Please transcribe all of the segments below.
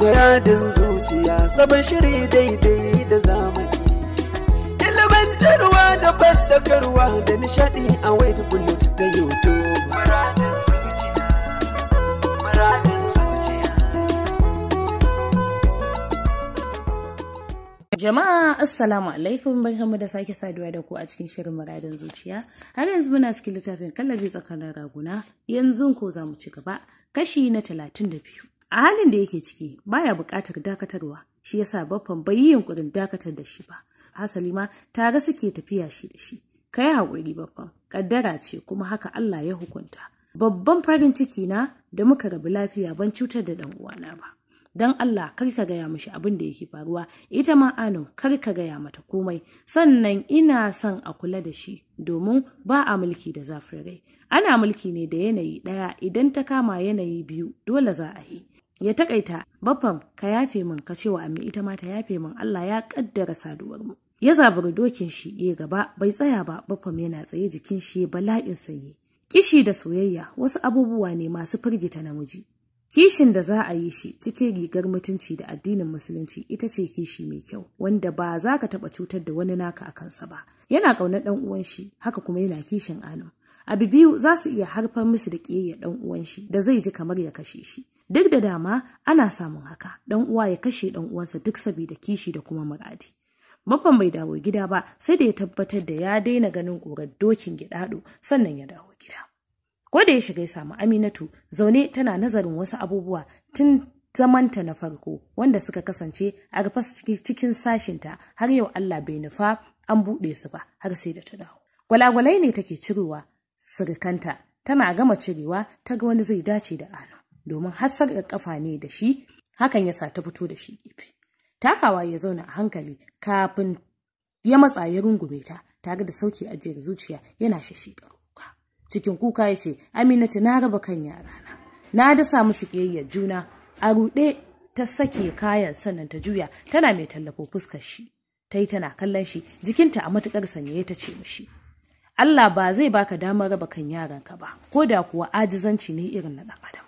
Guradin zuciya sabon shiri daidai da zamani. Ilimantarwa da bandakarwa da nishadi a wayar bullet ta YouTube. Guradin zuciya, guradin zuciya. Jama'a Assalamu alaikum barkamu da sake saduwa da ku a cikin shirin muradin zuciya. Har yanzu muna cikin littafin kallabi tsakanin raguna yanzu ko za mu ci gaba kashi na talatin da biyu. a halin da yake ciki baya buƙatar dakatarwa shi yasa baffan bai yi yunkurin dakatar da shi ba hasali ma tare suke tafiya shi da shi kai haƙuri baffan kaddara ce kuma haka Allah ya hukunta babban farin ciki na da muka rabu lafiya ban cutar da dan uwana ba dan Allah kar ka gaya mishi abin da yake faruwa ita ma Anu kar ka gaya mata komai sannan ina son a kula da shi domin ba a mulki da zafin rai ana mulki ne da yanayi ɗaya idan ta kama yanayi biyu dole za a yi ya takaita baffan ka yafe min ka cewa ammi ita ma ta yafe min Allah ya kaddara saduwar mu ya zaburi dokin shi ya gaba bai tsaya ba baffan yana tsaye jikin shi bala'in sanyi kishi da soyayya wasu abubuwa ne masu firgita namiji kishin da za a yi shi cike, rigar mutunci da addinin musulunci ita ce kishi mai kyau wanda ba za ka taɓa cutar da wani naka a kansa ba yana ƙauna ɗan uwan shi haka kuma yana kishin anu abu biyu za su iya harfar musu da ƙiyayya ɗan uwan shi da zai ji kamar ya kashe shi Duk da dama ana samun haka, ɗan uwa ya kashe ɗan uwansa duk sabida kishi da kuma muradi. Baffan bai dawo gida ba sai da ya tabbatar da ya daina ganin ƙorar dokin gidaɗo sannan ya dawo gida. Ko da ya shiga ya samu Aminatu zaune tana nazarin wasu abubuwa tun zamanta na farko wanda suka kasance a cikin sashinta har yau Allah bai nufa an buɗe su ba har sai da ta dawo. Gwalagwalai ne take cirowa sirikanta. tana gama cirewa ta ga wani zai dace da ano. domin har ƙafa ne da shi hakan ya sa ta fito da shi gefe takawa ya zauna a hankali kafin ya matsa ya rungume ta tare da sauki ajiyar zuciya yana shashi kuka cikin kuka ya ce aminatu na raba kan yarana na dasa musu ƙiyayyar juna a ruɗe ta sake kayan sannan ta juya tana mai tallafo fuskar shi ta yi tana kallon shi jikinta a matuƙar sanyaye ta ce mishi Allah ba zai baka damar raba kan yaranka ba ko da kuwa ajizanci ne irin na ɗan adam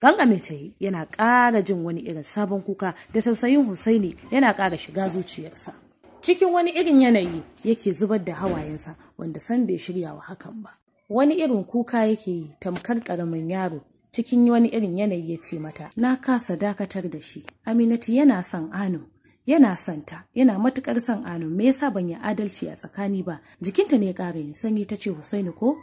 Gangame yi yana ƙara jin wani irin sabon kuka da tausayin Husaini yana ƙara shiga zuciyarsa. Cikin wani irin yanayi yake zubar da hawayensa wanda san bai shirya wa hakan ba. Wani irin kuka yake yi tamkar ƙaramin yaro cikin wani irin yanayi ya ce mata na kasa dakatar da shi. Aminatu yana son Anu yana son ta yana matukar son Anu me yasa ban yi adalci a tsakani ba jikinta ne ƙara yin sanyi ta ce Husaini ko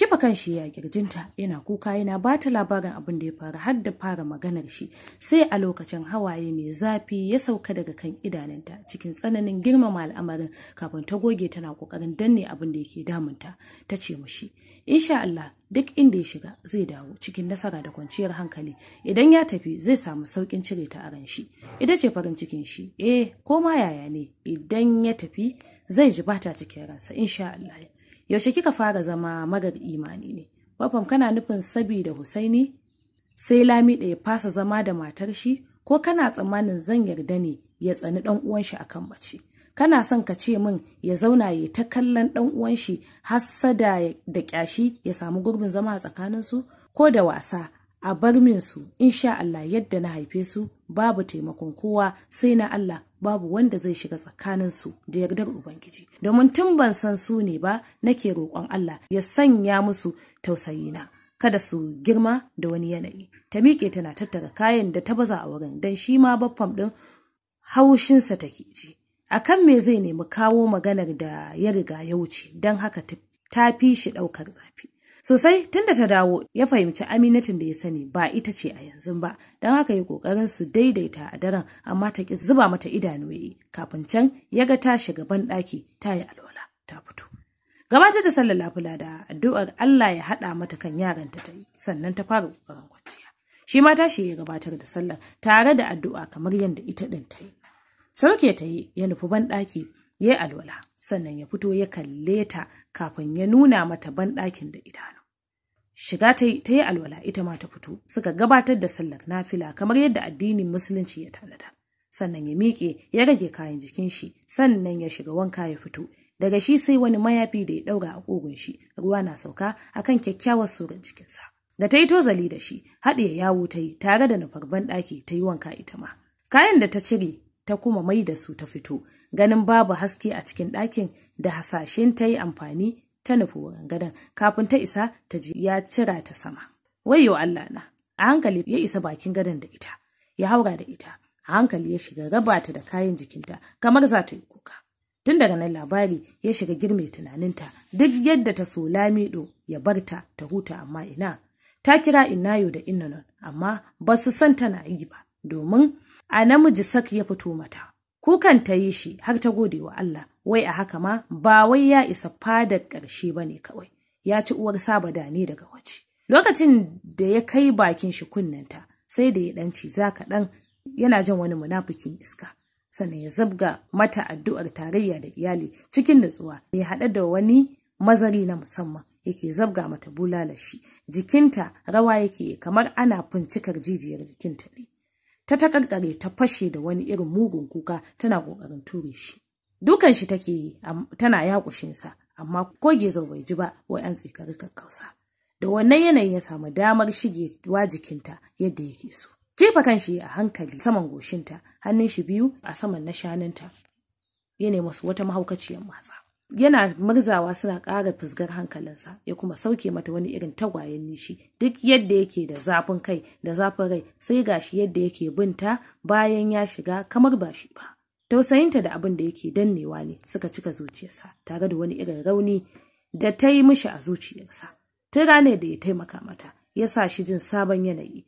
kifa kan shi ya kirjinta yana kuka yana ba ta labarin abin da ya faru har da fara maganar shi sai a lokacin hawaye mai zafi ya sauka daga kan idanunta cikin tsananin girmama al'amarin kafin ta goge tana kokarin danne abin da yake damunta ta ce mushi insha Allah duk inda ya shiga zai dawo cikin nasara da kwanciyar hankali idan ya tafi zai samu saukin cire ta aran shi ita ce farin cikin shi eh ko ma yaya ne idan ya tafi zai ji bata cikin ransa insha Allah yaushe kika fara zama marar imani ne bafam kana nufin sabida husaini sai lami da ya fasa zama da matar shi ko kana tsammanin zan yarda ne ya tsani dan uwan shi akan mace kana son ka ce min ya zauna ya ta kallon dan uwan shi hassada da kyashi ya samu gurbin zama a tsakanin su ko da wasa a bar min su insha Allah yadda na haife su babu taimakon kowa sai na Allah babu wanda zai shiga tsakanin su da yardar ubangiji domin tun ban san su ne ba nake roƙon Allah ya sanya musu tausayina kada su girma da wani yanayi ta miƙe tana tattara kayan da ta baza a wurin dan shi ma baffam ɗin haushinsa take ji akan me zai nemi kawo maganar da ya riga ya wuce don haka ta fi shi ɗaukar zafi Sosai tunda ta dawo ya fahimci aminatin da ya sani ba ita ce a yanzu ba, don haka yi ƙoƙarin su daidaita a daren amma ta ƙi zuba mata idanu ya yi, kafin can ya ga ta shiga banɗaki ta yi alwala ta fito. Gabatar da sallar lafula da addu'ar Allah ya haɗa mata kan yaranta ta yi, sannan ta fara ƙoƙarin kwanciya. Shi ma shi ya gabatar da sallar tare da addu'a kamar yadda ita ɗin ta yi. Sauke ta yi ya nufi banɗaki ya yi alwala sannan ya fito ya kalle ta kafin ya nuna mata banɗakin da idanu. shiga ta yi ta yi alwala ita ma ta fito suka gabatar da sallar nafila kamar yadda addinin musulunci ya tanada sannan ya miƙe ya rage kayan jikin shi sannan ya shiga wanka ya fito daga shi sai wani mayafi da ya ɗaura a ƙugun shi ruwa na sauka akan kyakkyawar surar jikinsa da ta yi tozali da shi haɗiye yawo ta yi tare da nufar ɗaki ta yi wanka ita ma kayan da ta cire ta kuma mai da su ta fito ganin babu haske a cikin ɗakin da hasashen ta yi amfani ta nufi wurin gadon kafin ta isa ta ji ya cira ta sama. Wayo Allah na, a hankali ya isa bakin gadon da ita, ya haura da ita, a hankali ya shiga raba ta da kayan jikinta kamar za ta yi kuka. Tun daga nan labari ya shiga girme tunaninta duk yadda ta so Lamido ya bar ta ta huta amma ina. Ta kira Inayo da Innanon amma ba su san tana yi ba domin a namiji sak ya fito mata. Kukan ta yi shi har ta gode wa Allah wai a haka ma ba wai ya isa fadar ƙarshe ba ne kawai ya ci uwar saba da ne daga waje lokacin da ya kai bakin shi kunnanta sai da ya ɗan ciza kaɗan yana jin wani munafikin iska sannan ya zabga mata addu'ar tarayya da iyali cikin nutsuwa mai haɗe da wani mazari na musamman yake zabga mata bulala jikinta rawa yake kamar ana fincikar jijiyar jikinta ne ta takarkare ta fashe da wani irin mugun kuka tana ƙoƙarin ture shi dukan shi take yi tana yakushinsa amma ko gezo bai ji ba wai an tsikari kakkausa da wannan yanayin ya samu damar shige wa jikinta yadda yake so jefa kan shi a hankali saman goshinta hannun shi biyu a saman na shanunta ya nemi wata mahaukaciyar matsa yana murzawa suna kara fusgar hankalinsa ya kuma sauke mata wani irin tagwayen nishi duk yadda yake da zafin kai da zafin rai sai gashi yadda yake binta bayan ya shiga kamar ba shi ba tausayinta da abin da yake dannewa ne suka cika zuciyarsa tare da wani irin rauni da ta yi mishi a zuciyarsa tun ranar da ya taimaka mata ya sa shi jin sabon yanayi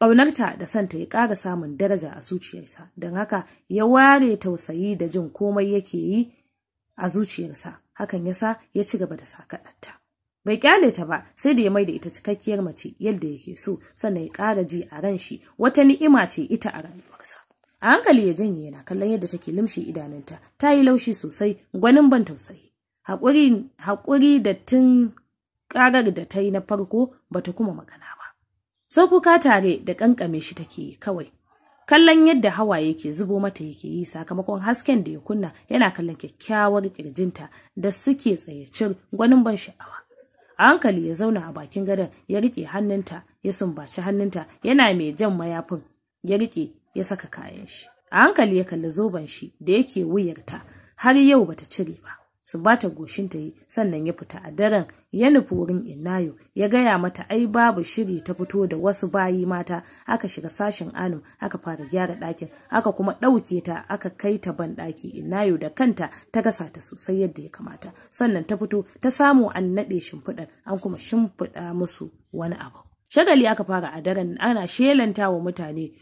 ƙaunarta da santa ya ƙara samun daraja a zuciyarsa don haka ya ware tausayi da jin komai yake yi a zuciyarsa hakan ya sa ya ci gaba da sakaɗarta bai kyale ta ba sai da ya mai da ita cikakkiyar mace yadda yake so sannan ya ƙara ji a ran shi wata ni'ima ce ita a rayuwarsa a hankali ya janye yana kallon yadda take limshe idanunta ta yi laushi sosai gwanin ban tausayi haƙuri da tun ƙarar da ta yi na farko bata kuma magana ba so tare da ƙanƙame shi take kawai kallon yadda hawa yake zubo mata yake yi sakamakon hasken da ya kunna yana kallon kyakkyawar ƙirjinta da suke tsayacin gwanin ban sha'awa a hankali ya zauna a bakin gadon ya riƙe hannunta ya sumbaci hannunta yana mai jan mayafin ya riƙe. ya saka kayan shi a hankali ya kalli zoben shi da yake wuyarta har yau bata cire ba su bata goshin ta yi sannan ya fita a daren ya nufi wurin inayo ya gaya mata ai babu shiri ta fito da wasu bayi mata aka shiga sashen alum aka fara gyara ɗakin aka kuma ɗauke ta aka kai ta ban ɗaki innayo da kanta ta gasa ta sosai yadda ya kamata sannan ta fito ta samu an naɗe shimfiɗar an kuma shimfiɗa musu wani abu shagali aka fara a daren ana shelanta wa mutane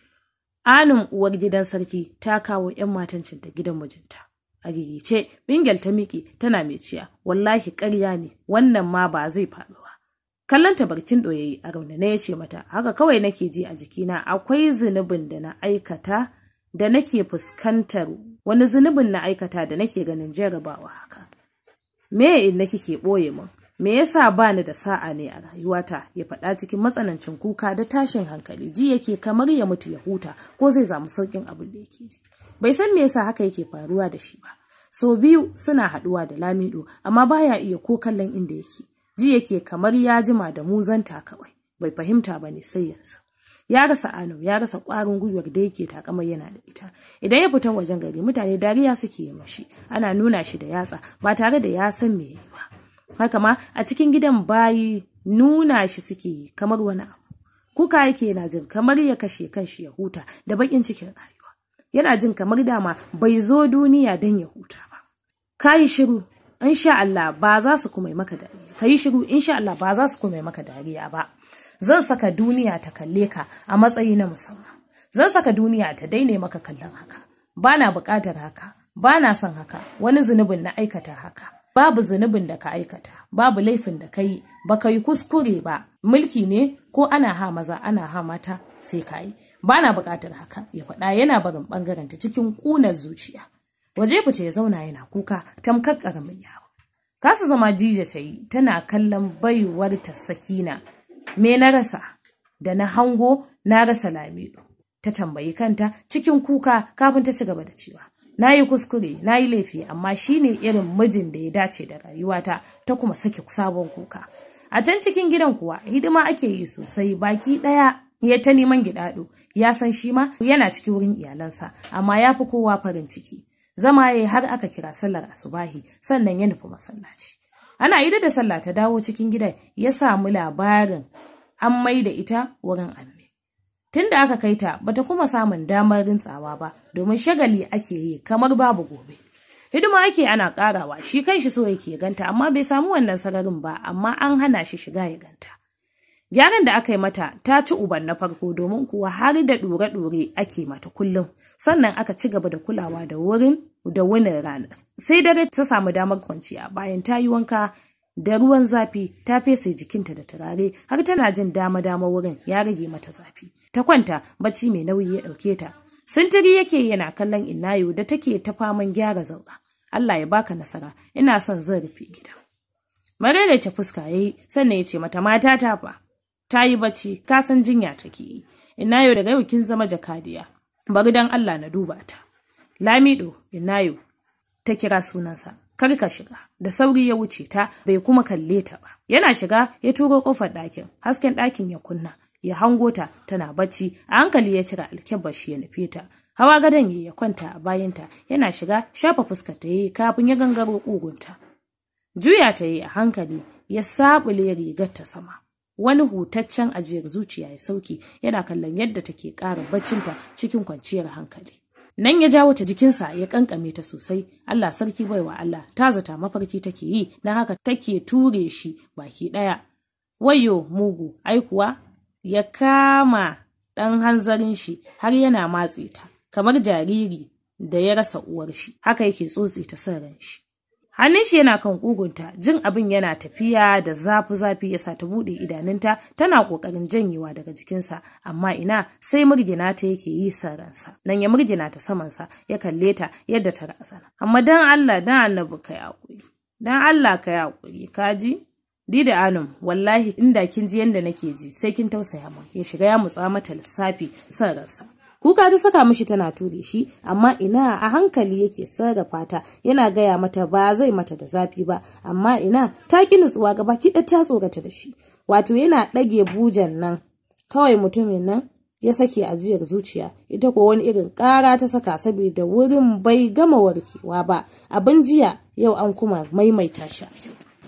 anin uwar gidan sarki ta kawo 'yan matancin da gidan mijinta. A gigice, Bingel ta miƙe tana mai ciya, wallahi karya ne, wannan ma ba zai faru ba. Kallon ta barkin ɗoyayi a raunana ya ce mata, haka kawai nake ji a jikina akwai zunubin da na aikata da nake fuskantar wani zunubin na aikata da nake ganin jarabawa haka. Me in nake ke ɓoye min? me yasa bani da sa'a ne a rayuwata ya faɗa cikin matsanancin kuka da tashin hankali ji yake kamar ya mutu ya huta ko zai zamu saukin abin da yake ji bai san me yasa haka yake faruwa da shi ba so biyu suna haɗuwa da lamido amma baya iya ko kallon inda yake ji yake kamar ya jima da muzanta kawai bai fahimta ba ne sai yanzu ya rasa ano ya rasa kwarin gwiwar da yake takamai yana da ita idan ya fita wajen gari mutane dariya suke yi mashi ana nuna shi da yatsa ba tare da ya san me yi ba haka ma a cikin gidan bayi nuna shi suke yi kamar wani abu kuka yake yana jin kamar ya kashe kan shi ya huta da bakin cikin rayuwa yana jin kamar dama bai zo duniya don ya huta ba kayi shiru insha Allah ba za su kuma maka dariya yi shiru insha Allah ba za su kuma maka dariya ba zan saka duniya ta kalle ka a matsayi na musamman zan saka duniya ta daina maka kallon haka bana bukatar haka bana son haka wani zunubin na aikata haka babu zunubin da ka aikata babu laifin da ka yi ba ka yi kuskure ba mulki ne ko ana ha maza ana ha mata sai ka yi ba na buƙatar haka ya faɗa yana barin ɓangaren cikin ƙunar zuciya waje fita ya zauna yana kuka tamkar ƙaramin yaro kasa zama jija ta yi tana kallon baiwar ta sakina me na rasa da na hango na rasa lamido ta tambayi kanta cikin kuka kafin ta ci gaba da cewa na yi kuskure na yi laifi amma shi ne irin mijin da ya dace da rayuwata ta kuma sake sabon kuka a can cikin gidan kuwa hidima ake yi sosai baki ɗaya ya ta neman gidaɗo ya san shi ma yana cikin wurin iyalansa amma ya fi kowa farin ciki zama ya har aka kira sallar asubahi sannan ya nufi masallaci ana ida da sallah ta dawo cikin gidan ya samu labarin an mai da ita wurin amme Tun da aka kai ta bata kuma samun damar rintsawa ba domin shagali ake yi kamar babu gobe. Hidima ake ana karawa shi kan shi so yake ganta amma bai samu wannan sararin ba amma an hana shi shiga ya ganta. Gyaran da aka yi mata ta ci uban na farko domin kuwa har da ɗore-ɗore ake mata kullum sannan aka ci gaba da kulawa da wurin da wunin ranar. Sai dare ta samu damar kwanciya bayan ta yi wanka da ruwan zafi ta fesa jikinta da turare har tana jin dama-dama wurin ya rage mata zafi. ta kwanta bacci mai nauyi ya ɗauke ta sintiri yake yana kallon innayo da take ta faman gyara zauka Allah ya baka nasara ina son zan rufe gidan ta fuska yi sannan ya ce mata mata ta fa ta yi bacci ka san jinya take yi innayo daga yau kin zama jakadiya bari dan Allah na duba ta lamido inayo ta kira sunansa kar ka shiga da sauri ya wuce ta bai kuma kalle ta ba yana shiga ya turo kofar ɗakin hasken ɗakin ya kunna ya hango ta tana bacci a hankali ya cira alkyabashi ya nufe ta hawa gadon ya kwanta a bayanta yana shiga shafa fuskar ta yi kafin ya gangaro kugunta juya ta yi a hankali ya sabule rigar ta sama wani hutaccen ajiyar zuciya ya sauki yana kallon yadda take ƙara ta cikin kwanciyar hankali nan ya jawo ta jikinsa ya kankame ta sosai Allah sarki baiwa Allah ta zata mafarki take yi na haka take ture shi baki ɗaya wayo mugu ai kuwa ya kama ɗan hanzarin shi har yana matse ta, kamar jariri da ya rasa uwar shi, haka yake tsotse ta son ran shi. Hannun shi yana kan ƙugunta, jin abin yana tafiya da zafi-zafi ya sa ta buɗe idanunta tana ƙoƙarin janyewa daga jikinsa, amma ina sai murgina ta yake yi ransa. Nan ya murgina ta saman sa, ya kalle ta yadda ta razana. Amma dan Allah dan annabi kai haƙuri, dan Allah kai haƙuri, kaji? Dida Alum, wallahi inda kin ji yanda nake ji, sai kin tausaya mun. Ya shiga ya mutsa mata lissafi sararsa. Kuka ta saka mishi tana ture shi, amma ina a hankali yake sarrafa ta, yana gaya mata ba zai mata da zafi ba, amma ina ta ki nutsuwa gaba ki ta tsorata da shi. Wato yana ɗage bujan nan, kawai mutumin nan ya sake ajiyar zuciya ita ko wani irin ƙara ta saka saboda wurin bai gama warkewa ba abin jiya yau an kuma maimaita shi.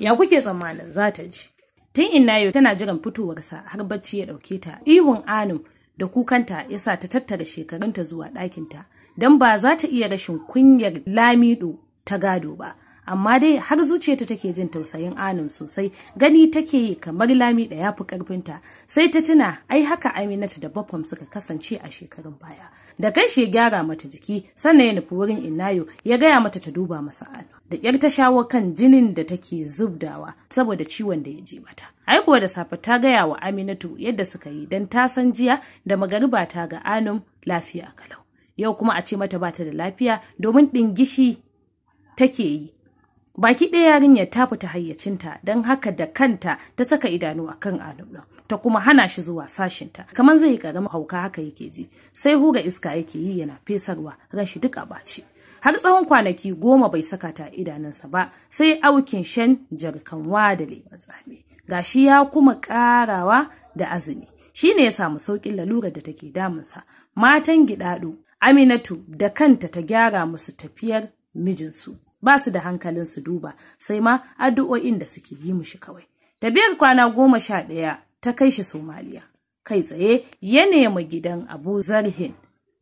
Ya kuke tsammanin za ta ji? Tun inna yau tana jiran fitowarsa har bacci ya dauke ta. Ihun Anum da kukanta ya sa ta tattara shekarunta zuwa ɗakinta. Don ba za ta iya rashin kunyar lamido ta gado ba. Amma dai har zuciyarta take jin tausayin Anum sosai gani take yi kamar lami da ya fi karfinta Sai ta tuna ai haka aminata da Bafam suka kasance a shekarun baya. da kai shi ya gyara mata jiki sannan ya nufi wurin inayo ya gaya mata ta duba masa ado da kyar ta shawo kan jinin da take zubdawa saboda ciwon da ya ji mata aikuwa da safe ta gaya wa aminatu yadda suka yi don ta san jiya da magariba ta ga anum lafiya kalau yau kuma a ce mata bata da lafiya domin ɗingishi take yi baki ɗaya yarinyar ta fita hayyacinta don haka da kanta ta saka idanu a kan alum ta kuma hana shi zuwa sashinta kamar zai yi ƙaramin hauka haka yake ji sai hura iska yake yi yana fesarwa rashi duk a ɓaci har tsawon kwanaki goma bai saka ta idanunsa ba sai aukin shan jarkanwa da leman tsami gashi ya kuma ƙarawa da azumi shi ne ya samu saukin lalurar da take damunsa matan gidaɗo aminatu da kanta ta gyara musu tafiyar mijinsu ba su da hankalin su duba sai ma addu'o'in da suke yi mushi kawai Tabiyar kwana goma sha ɗaya ta kai shi somaliya kai tsaye ya nemi gidan abu zarhin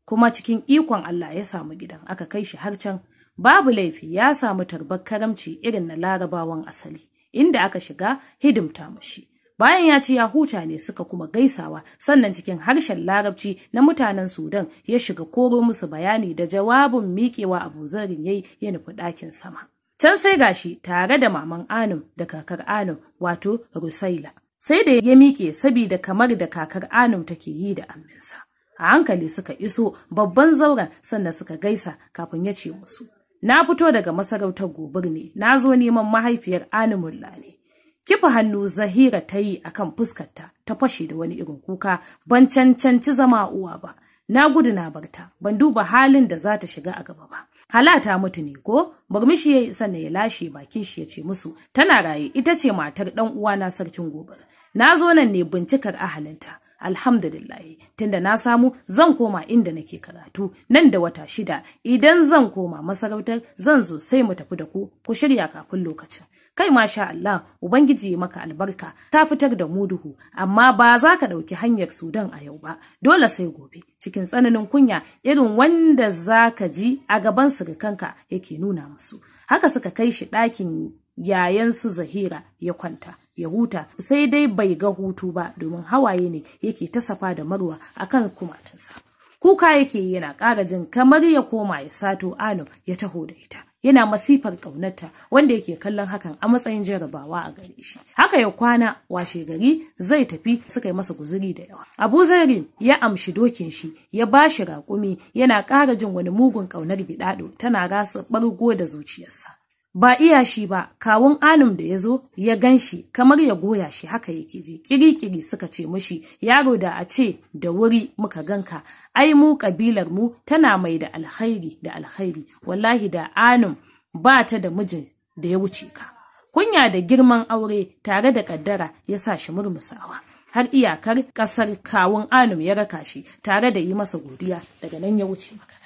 kuma cikin ikon allah ya samu gidan aka kai shi har can babu laifi ya samu tarbar karamci irin na larabawan asali inda aka shiga hidimta mushi bayan ya ci ya huta ne suka kuma gaisawa sannan cikin harshen larabci na mutanen sudan ya shiga koro musu bayani da jawabin miƙewa abu zarin yayi ya nufi ɗakin sama can sai gashi tare da maman anum da kakar anum wato rusaila sai da ya miƙe sabida kamar da kakar anum take yi da aminsa, a hankali suka iso babban zauren sannan suka gaisa kafin ya ce musu na fito daga masarautar gobir ne na zo neman mahaifiyar animulla ne Kifa hannu Zahira ta yi a kan fuskarta ta fashe da wani irin kuka ban cancanci zama uwa ba. Na gudu na barta, ban duba halin da za ta shiga a gaba ba. Hala ta mutu ne ko? Burmishi ya yi sannan ya lashe bakin shi ya ce musu, tana raye ita ce matar dan uwana sarkin gobar. Na zo nan ne bincikar ahalinta. Alhamdulillah. tunda na samu zan koma inda nake karatu nan da wata shida idan zan koma masarautar zan zo sai mu tafi da ku ku shirya kafin lokacin kai masha Allah ubangiji ya maka albarka ta fitar da muduhu. amma ba za ka ɗauki hanyar Sudan a yau ba dole sai gobe cikin tsananin kunya irin wanda za ka ji a gaban surukanka yake nuna musu haka suka kai shi ɗakin yayan su Zahira ya kwanta ya huta sai dai bai ga hutu ba domin hawaye ne yake ta safa da marwa akan kumatinsa kuka yake yana ƙara jin kamar ya koma ya sato ano ya taho da ita yana masifar ƙaunarta wanda yake kallon hakan a matsayin jarabawa a gare shi haka ya kwana washe gari zai tafi suka yi masa guzuri da yawa abu zarin ya amshi dokin shi ya ba shi raƙumi yana ƙara jin wani mugun ƙaunar gidaɗo tana rasa ɓargo da zuciyarsa ba iya shi ba kawun alim da ya zo ya gan shi kamar ya goya shi haka yake ji kiri-kiri suka ce mushi yaro da a ce da wuri muka ganka ai mu kabilar mu tana mai da alkhairi da alkhairi wallahi da anum ba ta da mijin da ya wuce ka kunya da girman aure tare da kaddara ya sa shi murmusawa har iyakar kasar kawun anum ya raka shi tare da yi masa godiya daga nan ya wuce maka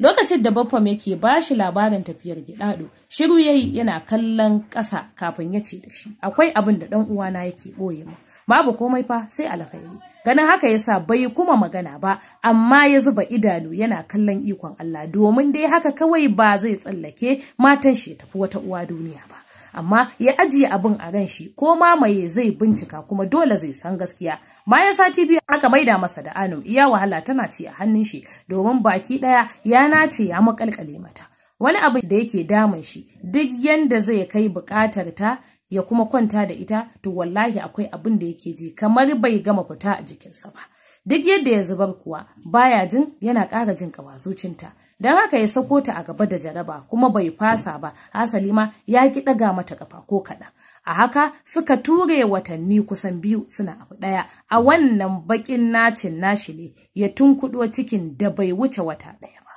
lokacin da baffam yake ba shi labarin tafiyar gidado shiru yayi yana kallon ƙasa kafin ya ce da shi akwai abin da dan uwana yake boye mu babu komai fa sai alkhairi ganin haka yasa bai kuma magana ba amma ya zuba idanu yana kallon ikon Allah domin dai haka kawai ba zai tsallake matan shi ya tafi wata uwa duniya ba amma ya ajiye abin a ran shi ko mamaye zai bincika kuma dole zai san gaskiya bayan sati biyu aka maida masa da anu iya wahala tana ci a hannun shi domin baki daya ya nace ya makalkale mata wani abu da yake damun shi duk yanda zai kai bukatar ta ya kuma kwanta da ita to wallahi akwai abin da yake ji kamar bai gama fita a jikinsa ba duk yadda ya zubar kuwa baya jin yana ƙara jin ƙawazucinta don haka ya sako ta a gaba da jaraba kuma bai fasa ba asali ma ya ki ɗaga mata kafa ko kaɗan a haka suka ture watanni kusan biyu suna abu ɗaya a wannan baƙin nacin nashi ne ya tunkuɗo cikin da bai wuce wata ɗaya ba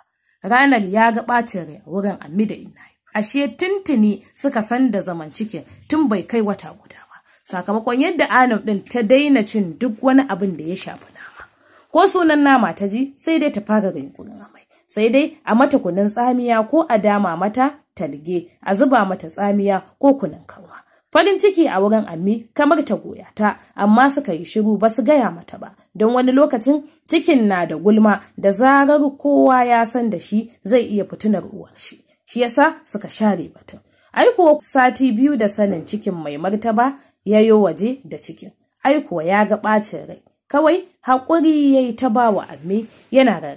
ranar ya ga ɓacin rai wurin ammi da ina ashe tuntuni suka san da zaman ciki tun bai kai wata guda ba sakamakon yadda anam ɗin ta daina cin duk wani abin da ya shafi nama ko sunan nama ta ji sai dai ta fara yunkurin amai sai dai a mata kunun tsamiya ko a dama mata talge a zuba mata tsamiya ko kunun kanwa farin ciki a wurin ammi kamar ta goya ta amma suka yi shiru ba su gaya mata ba don wani lokacin cikin na da gulma da zarar kowa ya san da shi zai iya fitinar uwar shi shi yasa suka share batun aikuwa sati biyu da sanin cikin mai martaba ya yi waje da cikin aikuwa ya ga ɓacin rai kawai haƙuri ya yi ta ba wa amme yana ta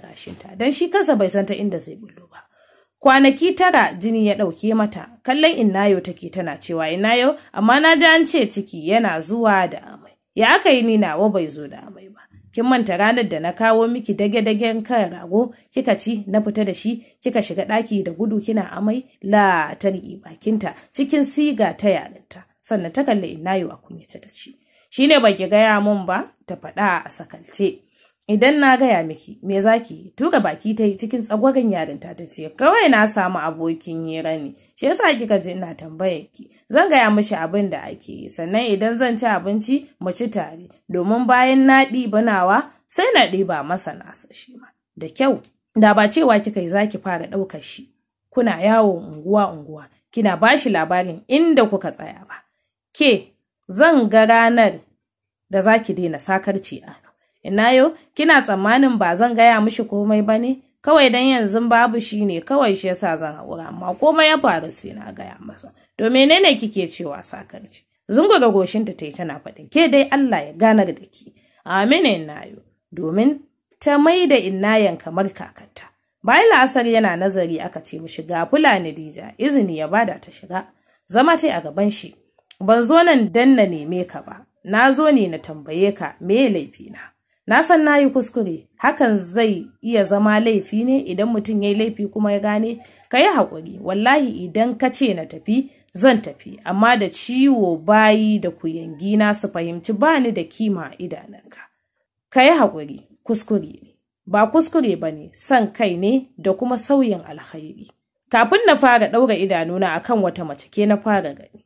don shi kansa bai san ta inda zai bullo ba kwanaki tara jini ya ɗauke mata kallon innayo take tana cewa innayo amma na ji an ce ciki yana zuwa da amai ya aka yi ni nawa bai zo da amai ba kin manta ranar da na kawo miki dage-dagen kan rago kika ci na fita da shi kika shiga ɗaki da gudu kina amai la ta bakinta cikin siga ta yarinta sannan ta kalli inayo a kunya ta ci Shi ne baki gaya mun ba, ta faɗa a sakalce. Idan na gaya miki, me za zaki tura baki ta yi cikin tsagwagon yarinta ta ce, kawai na samu abokin hira ne, shi yasa kika ka ina tambayar ki, zan gaya mishi abin da ake yi, sannan idan zan ci abinci mu ci tare, domin bayan na ɗibanawa sai na ɗiba masa nasa shi ma. Da kyau, da ba cewa kika yi ki fara ɗaukar shi, kuna yawon unguwa unguwa, kina bashi labarin inda kuka tsaya ba. Ke, zan ga ranar da za ki daina sakarci a ina yau kina tsammanin ba zan gaya mishi komai ba ne kawai dan yanzu babu shi ne kawai shi yasa zan haƙura amma komai ya faru sai na gaya masa to menene kike cewa sakarci zungura goshinta ta yi tana faɗin ke dai Allah ya ganar da ki amina innayo domin ta mai da innayan kamar kakanta bayan la'asar yana nazari aka ce mishi ga fulani dija izini ya bada ta shiga zama ta a gaban shi Ban zo nan dan na neme ka ba, na zo ne na tambaye ka me laifina. Na san na yi kuskure, hakan zai iya zama laifi ne idan mutum ya yi laifi kuma ya gane, ka yi haƙuri, wallahi idan ka ce na tafi, zan tafi, amma da ciwo bayi da kuyangi na su fahimci ba ni da kima a idanunka. Ka yi haƙuri, kuskure ne, ba kuskure ba ne, son kai ne da kuma sauyin alhairi Kafin na fara ɗaura idanuna akan wata mace ke na fara gani.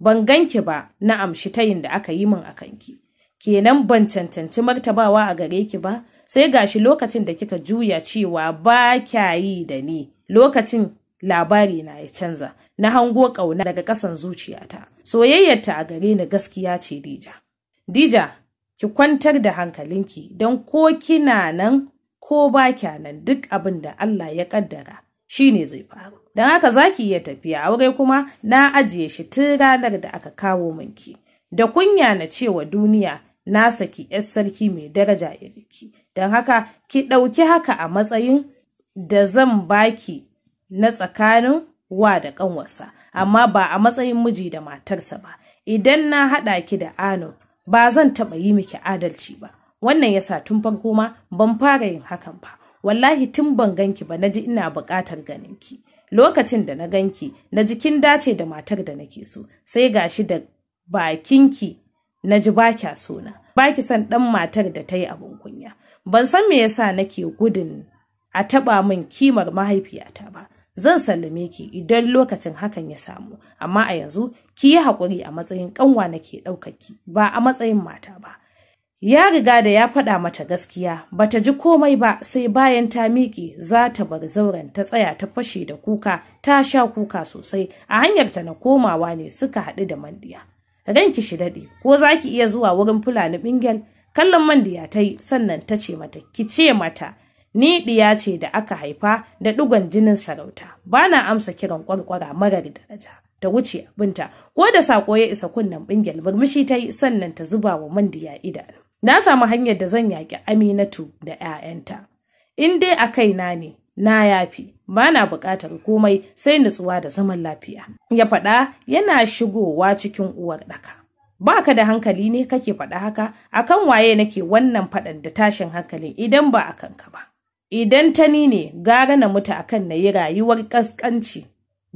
ban ganki ba na amshi tayin da aka yi min a kanki kenan ban cancanci martabawa a gare ki ba sai ga shi lokacin da kika juya cewa ba kya yi da ni lokacin labari na ya canza na hango ƙauna daga ƙasan zuciyata soyayyarta a gare ni gaskiya ce dija dija ki kwantar da hankalinki don ko kina nan ko ba kya nan duk abin da Allah ya ƙaddara shi ne zai faru. Don haka za ki iya tafiya aure kuma na ajiye shi tun ranar da aka kawo minki. Da kunya na cewa duniya na saki 'yar sarki mai daraja iriki. Don haka ki ɗauki haka a matsayin da zan baki na tsakanin wa da ƙanwarsa, amma ba a matsayin miji da matarsa ba. Idan na haɗa ki da ano ba zan taɓa yi miki adalci ba. Wannan yasa tun farko ma ban fara yin hakan ba. wallahi tun ban ganki ba na ji ina buƙatar ki. lokacin da na ganki na jikin dace da matar da nake so sai gashi da bakinki na ji ba kya sona ba ki san dan matar da ta yi abin kunya ban san me yasa nake gudun a taɓa min kimar mahaifiyata ba zan sallame ki idan lokacin hakan ya samu amma a yanzu ki yi haƙuri a matsayin ƙanwa nake ɗaukarki ki ba a matsayin mata ba Ya riga da ya faɗa mata gaskiya, bata ji komai ba sai bayan ta miƙe za ta bar zauren ta tsaya ta fashe da kuka, ta sha kuka sosai, a hanyar ta na komawa ne suka haɗu da mandiya. Ranki shi daɗe, ko za ki iya zuwa wurin Fulani Bingel? Kallon mandiya ta yi sannan ta ce mata, ki ce mata, ni ɗiya ce da aka haifa da ɗigon jinin sarauta, bana amsa kiran kwarkwara marar daraja. ta wuce abinta ko da saƙo ya isa kunnen bingel murmushi ta yi sannan ta zuba wa mandiya idanu Na samu hanyar da zan yaƙi Aminatu da ‘ya'yanta. In dai a kaina ne, na yafi, ba na buƙatar komai sai nutsuwa da zaman lafiya. Ya faɗa yana shigowa cikin uwar ɗaka. Ba ka da hankali ne kake faɗa haka, akan waye nake wannan faɗan da tashin hankalin idan ba a kanka ba. Idan ta ni ne gara na mutu akan na yi rayuwar ƙasƙanci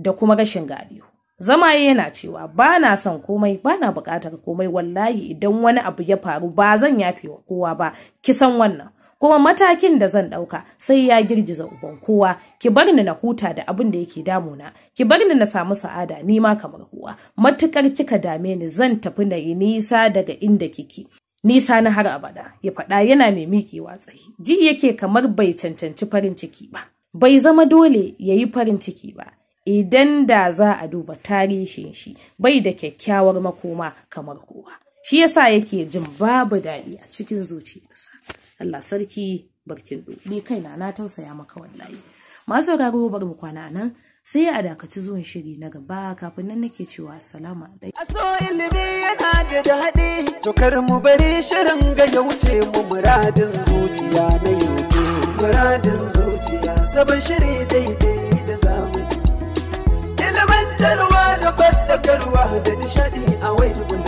da kuma rashin galihu. zama yana cewa ba na son komai ba na bukatar komai wallahi idan wani abu ya faru ba zan yafe wa kowa ba ki san wannan kuma matakin da zan ɗauka sai ya girgiza uban kowa ki bar ni na huta da abin da yake damuna ki bar ni na samu sa'ada ni ma kamar kowa matukar kika dame ni zan tafi na yi nisa daga inda kiki nisa na har abada ya faɗa yana mai miƙewa tsaye ji yake kamar bai cancanci farin ciki ba bai zama dole ya yi farin ciki ba idan da za a duba tarihin shi bai da kyakkyawar makoma kamar kowa shi yasa yake jin babu daɗi a cikin zuciyarsa Allah sarki barkin ni kaina na tausaya maka wallahi masu sauraro bar mu kwana nan sai a dakaci zuwan shiri na gaba kafin nan nake cewa salama dai aso ilimi yana da daɗi to mu bari shirin ga ya wuce mu muradin zuciya na yau muradin zuciya sabon shiri daidai da zamani ilmantarwa da fadakarwa da nishadi a wai